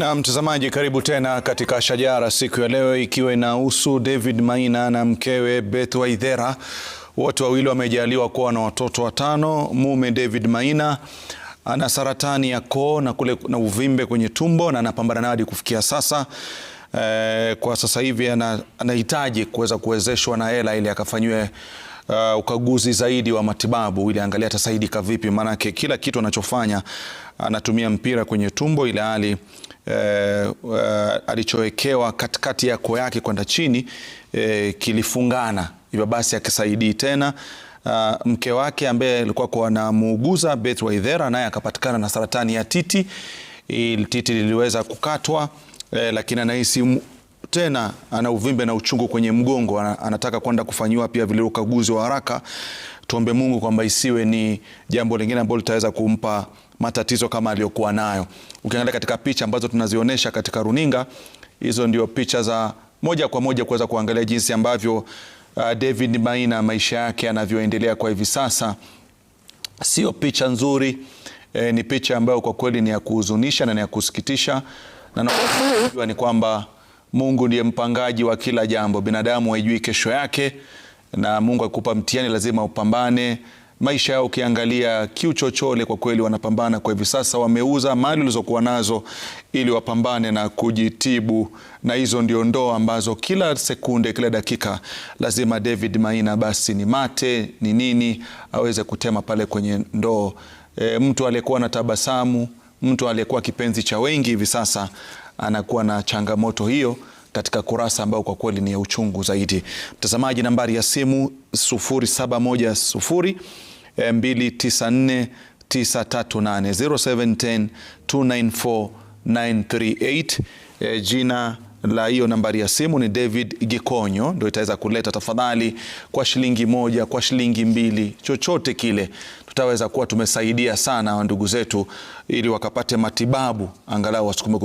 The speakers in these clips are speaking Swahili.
Na mtazamaji, karibu tena katika Shajara siku ya leo, ikiwa inahusu David Maina na mkewe Beth Waithera. Wote wawili wamejaliwa kuwa na watoto watano. Mume David Maina ana saratani ya koo na kule na uvimbe kwenye tumbo na anapambana nayo hadi kufikia sasa. E, kwa sasa hivi anahitaji kuweza kuwezeshwa na hela ili akafanyiwe Uh, ukaguzi zaidi wa matibabu ili angalia atasaidika vipi, maanake kila kitu anachofanya anatumia mpira kwenye tumbo, ila hali eh, uh, alichowekewa katikati ya koo yake kwenda chini eh, kilifungana, hivyo basi akisaidii tena. Uh, mke wake ambaye alikuwa anamuuguza Beth Waithera naye akapatikana na saratani ya titi. Il titi liliweza kukatwa eh, lakini anahisi tena ana uvimbe na uchungu kwenye mgongo, anataka kwenda kufanyiwa pia vile ukaguzi wa haraka tuombe Mungu kwamba isiwe ni jambo lingine ambalo litaweza kumpa matatizo kama aliyokuwa nayo. Ukiangalia katika picha ambazo tunazionyesha katika runinga, hizo ndio picha za moja kwa moja kuweza kuangalia jinsi ambavyo uh, David Maina maisha yake yanavyoendelea kwa hivi sasa. Sio picha nzuri eh, ni picha ambayo kwa kweli ni ya kuhuzunisha na ni ya kusikitisha, na najua ni kwamba Mungu ndiye mpangaji wa kila jambo, binadamu haijui kesho yake na Mungu akikupa mtihani lazima upambane. Maisha yao ukiangalia kiuchochole, kwa kweli wanapambana kwa hivi sasa, wameuza mali walizokuwa nazo ili wapambane na kujitibu, na hizo ndio ndoa ambazo kila sekunde, kila dakika lazima David Maina basi ni mate ni nini aweze kutema pale kwenye ndoo. E, mtu aliyekuwa na tabasamu, mtu aliyekuwa kipenzi cha wengi hivi sasa anakuwa na changamoto hiyo katika kurasa ambayo kwa kweli ni ya uchungu zaidi. Mtazamaji, nambari ya simu 0710 294 938 0710 294 938. E, jina la hiyo nambari ya simu ni David Gikonyo, ndio itaweza kuleta tafadhali, kwa shilingi moja, kwa shilingi mbili, chochote kile tutaweza kuwa tumesaidia sana ndugu zetu, ili wakapate matibabu angalau wasukume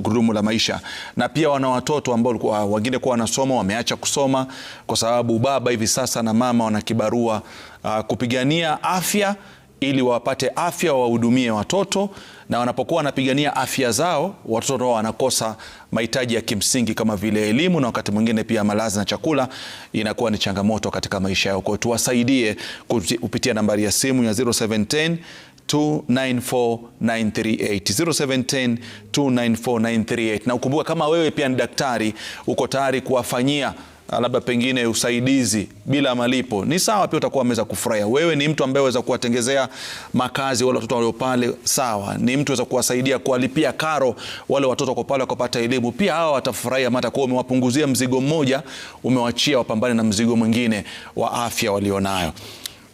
gurudumu la maisha. Na pia wana watoto ambao wengine kuwa wanasoma wameacha kusoma, kwa sababu baba hivi sasa na mama wana kibarua ah, kupigania afya ili wapate afya, wawahudumie watoto, na wanapokuwa wanapigania afya zao, watoto wao wanakosa mahitaji ya kimsingi kama vile elimu, na wakati mwingine pia malazi na chakula, inakuwa ni changamoto katika maisha yao. kwao tuwasaidie kupitia nambari ya simu ya 0710 294938 0710 294938. Na ukumbuka kama wewe pia ni daktari, uko tayari kuwafanyia Ah, labda pengine usaidizi bila malipo, ni sawa pia, utakuwa ameweza kufurahia. Wewe ni mtu ambaye waweza kuwatengezea makazi wale watoto walio pale, sawa. Ni mtu waweza kuwasaidia kuwalipia karo wale watoto wako pale wakapata elimu, pia hawa watafurahia, maana kwa umewapunguzia mzigo mmoja, umewachia wapambane na mzigo mwingine wa afya walionayo.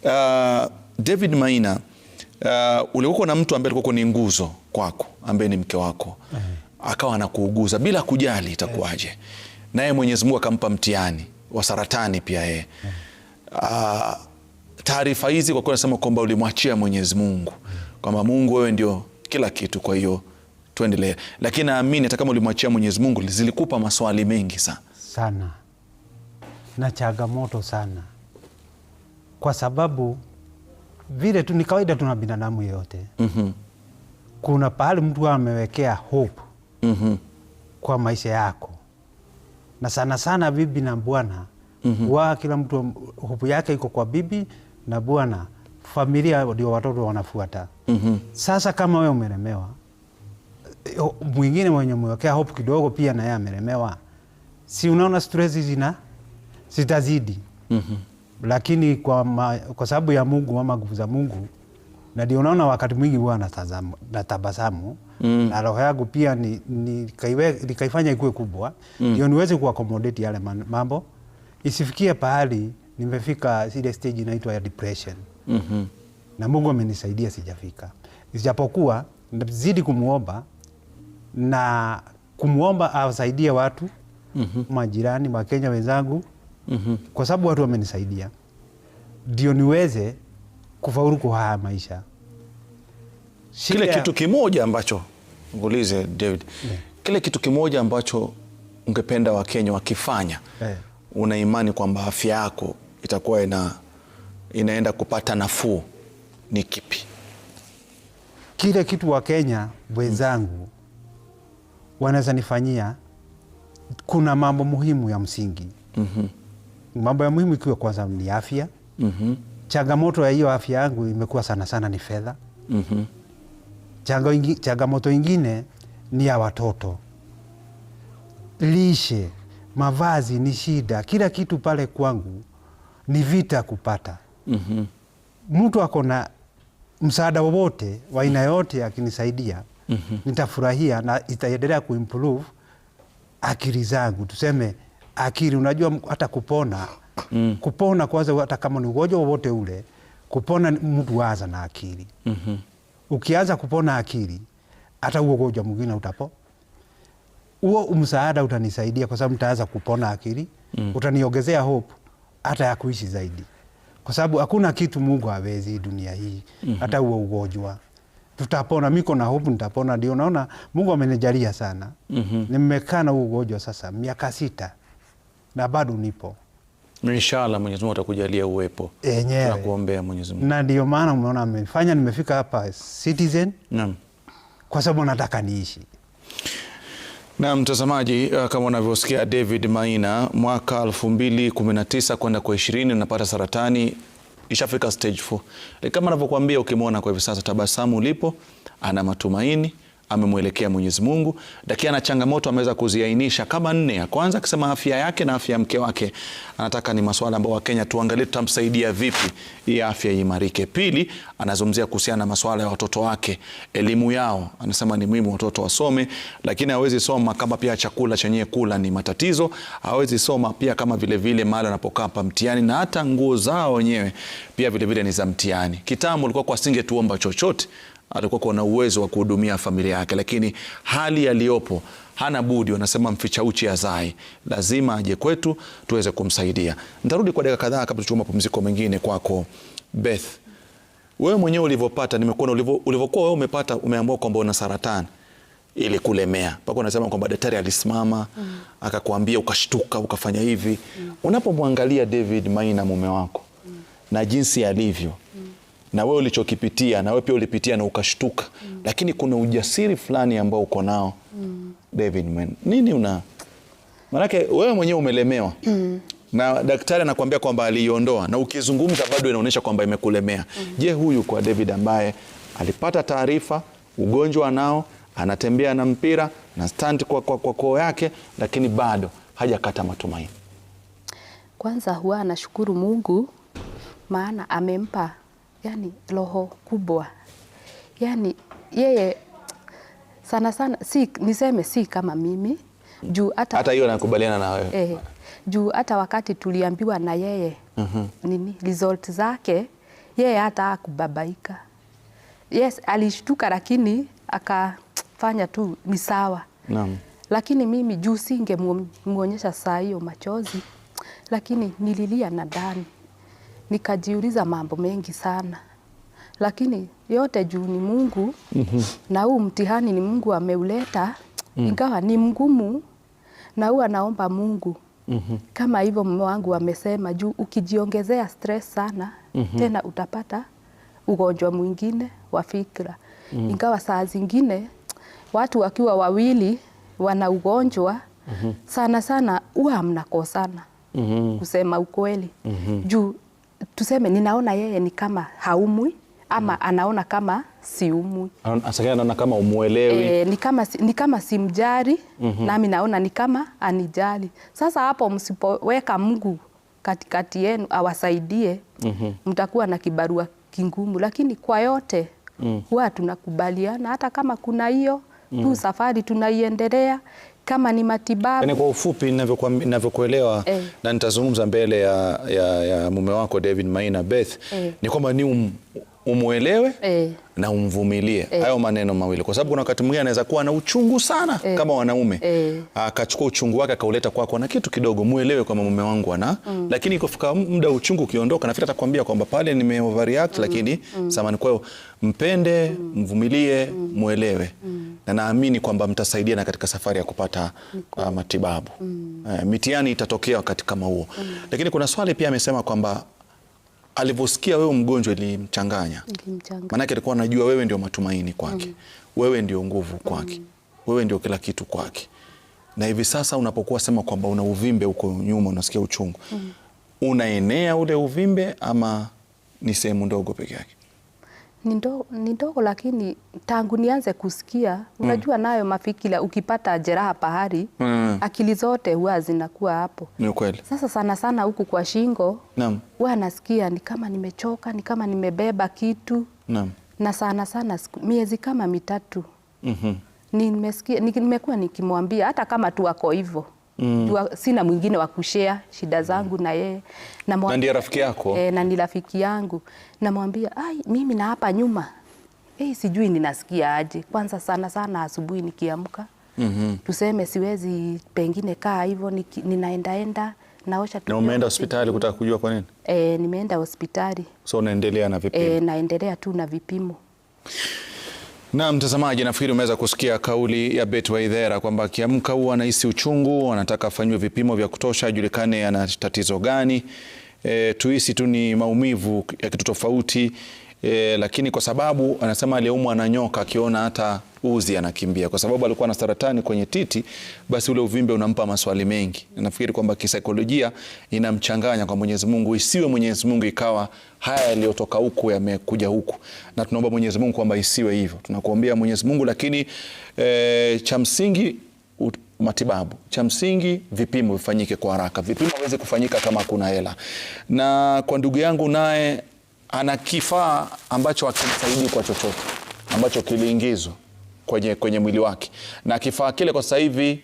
Uh, ah, David Maina uh, ulikuwa na mtu ambaye alikuwa ni nguzo kwako, ambaye ni mke wako, eh. akawa anakuuguza bila kujali itakuwaje naye Mwenyezi Mungu akampa mtihani wa saratani pia yeye. Uh, taarifa hizi kwa nasema kwamba ulimwachia Mwenyezi Mungu kwamba Mungu wewe ndio kila kitu, kwa hiyo tuendelee. Lakini naamini hata kama ulimwachia Mwenyezi Mungu zilikupa maswali mengi sana sana na changamoto sana, kwa sababu vile tu ni kawaida, tuna binadamu yeyote mm -hmm. kuna pahali mtu amewekea hope mm -hmm. kwa maisha yako na sana sana bibi na bwana mm -hmm. wa kila mtu hupu yake iko kwa bibi na bwana, familia ndio watoto wanafuata mm -hmm. Sasa kama wewe umelemewa, eh, mwingine mwenye mwekea hope kidogo pia naye amelemewa, si unaona stress zina zitazidi mm -hmm. Lakini kwa, ma, kwa sababu ya Mungu ama nguvu za Mungu na ndio unaona wakati mwingi huwa natabasamu mm. na roho yangu pia nikaifanya ni ikuwe kubwa mm. ndio mm. niweze kuakomodeti yale mambo, isifikie pahali nimefika ile stage inaitwa ya depression mm -hmm. na Mungu amenisaidia sijafika, isijapokuwa zidi kumwomba na kumwomba awasaidie watu mm -hmm. majirani, Wakenya wenzangu mm -hmm. kwa sababu watu wamenisaidia ndio niweze kufaulu kwa haya maisha. Shida... kile kitu kimoja ambacho ngulize David, yeah. kile kitu kimoja ambacho ungependa Wakenya wakifanya, yeah. una imani kwamba afya yako itakuwa ina, inaenda kupata nafuu ni kipi? Kile kitu Wakenya wenzangu wanaweza nifanyia, kuna mambo muhimu ya msingi. mm -hmm. mambo ya muhimu ikiwa kwanza ni afya mm -hmm changamoto ya hiyo afya yangu imekuwa sana sana ni fedha. mm -hmm. Changamoto ingine ni ya watoto, lishe, mavazi ni shida, kila kitu pale kwangu ni vita kupata. mm -hmm. Mtu ako na msaada wowote wa aina yote akinisaidia, mm -hmm. nitafurahia na itaendelea kuimprove akili zangu, tuseme akili, unajua hata kupona mm. kupona kwanza, hata kama ni ugonjwa wowote ule, kupona mtu waza na akili mm -hmm. Ukianza kupona akili, hata huo ugonjwa mwingine utapo huo msaada utanisaidia kwa sababu nitaanza kupona akili mm. Utaniongezea hope hata ya kuishi zaidi, kwa sababu hakuna kitu Mungu hawezi dunia hii mm hata -hmm. huo ugonjwa tutapona, miko na hope nitapona. Ndio naona Mungu amenijalia sana mm -hmm. Nimekaa na ugonjwa sasa miaka sita na bado nipo Inshallah Mwenyezi Mungu atakujalia uwepo na kuombea Mwenyezi Mungu, na ndio maana umeona amefanya nimefika hapa Citizen. Naam, kwa sababu nataka niishi na mtazamaji, uh, kama unavyosikia David Maina, mwaka 2019 kwenda kwa 20 unapata saratani ishafika stage 4. Kama anavyokuambia ukimwona kwa hivi sasa, tabasamu ulipo, ana matumaini amemwelekea Mwenyezi Mungu. Dakia na changamoto ameweza kuziainisha kama nne. Ya kwanza akisema afya yake na afya ya mke wake, anataka ni masuala ambayo Wakenya tuangalie tutamsaidia vipi hii afya iimarike. Pili, anazungumzia kuhusiana na masuala ya watoto wake, elimu yao, anasema ni muhimu watoto wasome, lakini hawezi soma kama pia chakula chenyewe kula ni matatizo, hawezi soma pia kama vile vile mahali anapokaa pa mtihani, na hata nguo zao wenyewe pia vile vile ni za mtihani. Kitambo ulikuwa kwa singe tuomba chochote atakuwa na uwezo wa kuhudumia familia yake, lakini hali yaliyopo hana budi, wanasema mficha uchi azai, lazima aje kwetu tuweze kumsaidia. Nitarudi kwa dakika kadhaa kabla tuchukue mapumziko mengine. Kwako Beth, wewe mwenyewe ulivyopata, nimekuona ulivyokuwa wewe umepata, umeambiwa kwamba una saratani ili kulemea mpaka unasema kwamba daktari alisimama mm. akakuambia ukashtuka ukafanya hivi mm. Unapomwangalia David Maina mume wako mm. na jinsi alivyo na wewe ulichokipitia na wewe pia ulipitia na ukashtuka mm. Lakini kuna ujasiri fulani ambao uko nao mm. David man, nini una manake wewe mwenyewe umelemewa mm. na daktari anakuambia kwamba aliiondoa, na ukizungumza bado inaonyesha kwamba imekulemea mm. hmm Je, huyu kwa David ambaye alipata taarifa ugonjwa nao anatembea na mpira na stand kwa koo kwa, kwa yake, lakini bado hajakata matumaini. Kwanza huwa anashukuru Mungu maana amempa yani roho kubwa, yani yeye sana sana, si niseme, si kama mimi juu hata hata hiyo nakubaliana na wewe eh, juu hata wakati tuliambiwa na yeye mm -hmm. nini result zake yeye hata akubabaika. Yes, alishtuka lakini akafanya tu ni sawa. Naam. Lakini mimi juu singe muonyesha saa hiyo machozi, lakini nililia na ndani nikajiuliza mambo mengi sana, lakini yote juu ni Mungu mm -hmm. na huu mtihani ni Mungu ameuleta mm. ingawa ni mgumu, na huwa naomba Mungu mm -hmm. kama hivyo mume wangu amesema, juu ukijiongezea stress sana mm -hmm. tena utapata ugonjwa mwingine wa fikra mm. ingawa saa zingine watu wakiwa wawili wana ugonjwa mm -hmm. sana sana huwa mnakosana mm -hmm. kusema ukweli mm -hmm. juu tuseme ninaona yeye ni kama haumwi ama mm. anaona kama siumwi, anaona kama umwelewi e, eh, ni kama, ni kama simjari mm -hmm. nami naona ni kama anijali. Sasa hapo msipoweka Mungu katikati yenu awasaidie, mm -hmm. mtakuwa na kibarua kingumu, lakini kwa yote mm. huwa tunakubaliana hata kama kuna hiyo mm. tu safari tunaiendelea kama ni matibabu. Yani kwa ufupi ninavyokuelewa eh, na nitazungumza mbele ya, ya, ya mume wako David Maina Beth eh, ni kwamba ni um, umwelewe eh, na umvumilie e. Hayo maneno mawili, kwa sababu kuna wakati mwingine anaweza kuwa na uchungu sana e. Kama wanaume e. akachukua uchungu wake akauleta kwako na kitu kidogo, muelewe kwamba mume wangu ana mm. Lakini ikifika muda uchungu ukiondoka, nafikiri atakwambia kwamba pale nime overreact mm. Lakini mm. samani. Kwa hiyo mpende, mm. mvumilie, mm. muelewe mm. na naamini kwamba mtasaidiana katika safari ya kupata uh, matibabu mm. E, mitiani itatokea wakati kama huo mm. Lakini kuna swali pia amesema kwamba alivyosikia wewe mgonjwa ilimchanganya, maanake alikuwa anajua wewe ndio matumaini kwake mm. wewe ndio nguvu kwake mm. wewe ndio kila kitu kwake. Na hivi sasa unapokuwa sema kwamba una uvimbe huko nyuma, unasikia uchungu mm. unaenea ule uvimbe ama ni sehemu ndogo peke yake? ni ndogo, lakini tangu nianze kusikia mm. unajua, mm. nayo mafikira ukipata jeraha pahali mm. akili zote huwa zinakuwa hapo. Ni Sasa sana sana huku kwa shingo huwa nasikia ni kama nimechoka, ni kama nimebeba kitu naam. na sana sana miezi kama mitatu mm -hmm. nimesikia nimekuwa nikimwambia hata kama tu ako hivyo Mm. Jua sina mwingine wa kushare shida zangu mm. na yeye. Na mwambia, na ndiye rafiki yako? Eh, na ni rafiki yangu. Namwambia, "Ai, mimi na hapa nyuma. Eh, sijui ninasikia aje. Kwanza sana sana asubuhi nikiamka. Mm -hmm. Tuseme siwezi pengine kaa hivyo ninaendaenda naosha tu. Na umeenda hospitali kutaka kujua kwa nini? Eh, nimeenda hospitali. So unaendelea na vipimo? Eh, naendelea tu na vipimo. Na mtazamaji, nafikiri umeweza kusikia kauli ya Beth Waithera kwamba akiamka huwa anahisi uchungu, anataka afanyiwe vipimo vya kutosha, ajulikane ana tatizo gani. E, tuhisi tu ni maumivu ya kitu tofauti e, lakini kwa sababu anasema aliumwa na nyoka akiona hata uzi anakimbia, kwa sababu alikuwa na saratani kwenye titi, basi ule uvimbe unampa maswali mengi. Nafikiri kwamba kisaikolojia inamchanganya kwa Mwenyezi Mungu, isiwe Mwenyezi Mungu ikawa haya yaliyotoka huku yamekuja huku, na tunaomba Mwenyezi Mungu kwamba isiwe hivyo. Tunakuombea Mwenyezi Mungu, lakini e, cha msingi matibabu cha msingi, vipimo vifanyike kwa haraka. Vipimo hawezi kufanyika kama kuna hela. Na kwa ndugu yangu naye ana kifaa ambacho hakimsaidii kwa chochote ambacho kiliingizwa kwenye, kwenye mwili wake, na kifaa kile kwa sasa hivi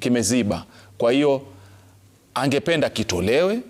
kimeziba. Kwa hiyo angependa kitolewe,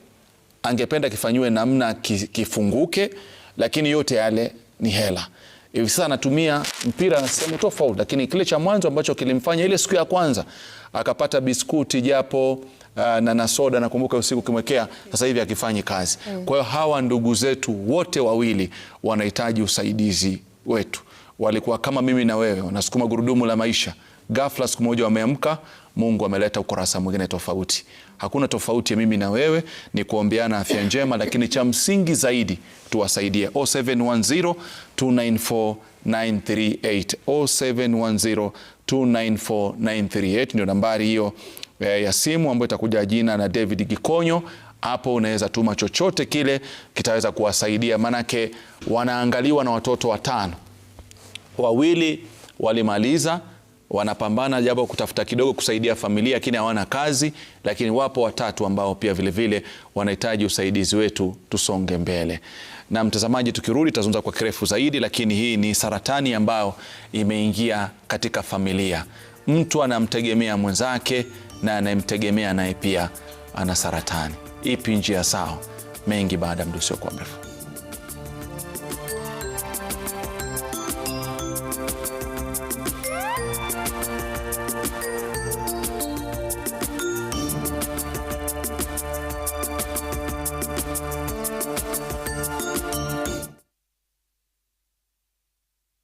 angependa kifanyiwe namna kifunguke, lakini yote yale ni hela. Hivi sasa anatumia mpira sehemu tofauti, lakini kile cha mwanzo ambacho kilimfanya ile siku ya kwanza akapata biskuti japo Uh, na na soda nakumbuka usiku kimwekea, sasa hivi akifanyi kazi. Mm. Kwa hiyo hawa ndugu zetu wote wawili wanahitaji usaidizi wetu. Walikuwa kama mimi na wewe, wanasukuma gurudumu la maisha. Ghafla siku moja wameamka, Mungu ameleta ukurasa mwingine tofauti. Hakuna tofauti ya mimi na wewe, ni kuombeana afya njema, lakini cha msingi zaidi tuwasaidie. 0710 294 938 0710 294 938 ndio nambari hiyo ya simu ambayo itakuja jina na David Gikonyo. Hapo unaweza tuma chochote kile kitaweza kuwasaidia, maanake wanaangaliwa na watoto watano, wawili walimaliza wanapambana japo kutafuta kidogo kusaidia familia, lakini hawana kazi. Lakini wapo watatu ambao pia vilevile wanahitaji usaidizi wetu, tusonge mbele. Na mtazamaji, tukirudi tutazungumza kwa kirefu zaidi, lakini hii ni saratani ambayo imeingia katika familia, mtu anamtegemea mwenzake na anayemtegemea naye pia ana saratani. Ipi njia sawa? Mengi baada ya muda usiokuwa mrefu.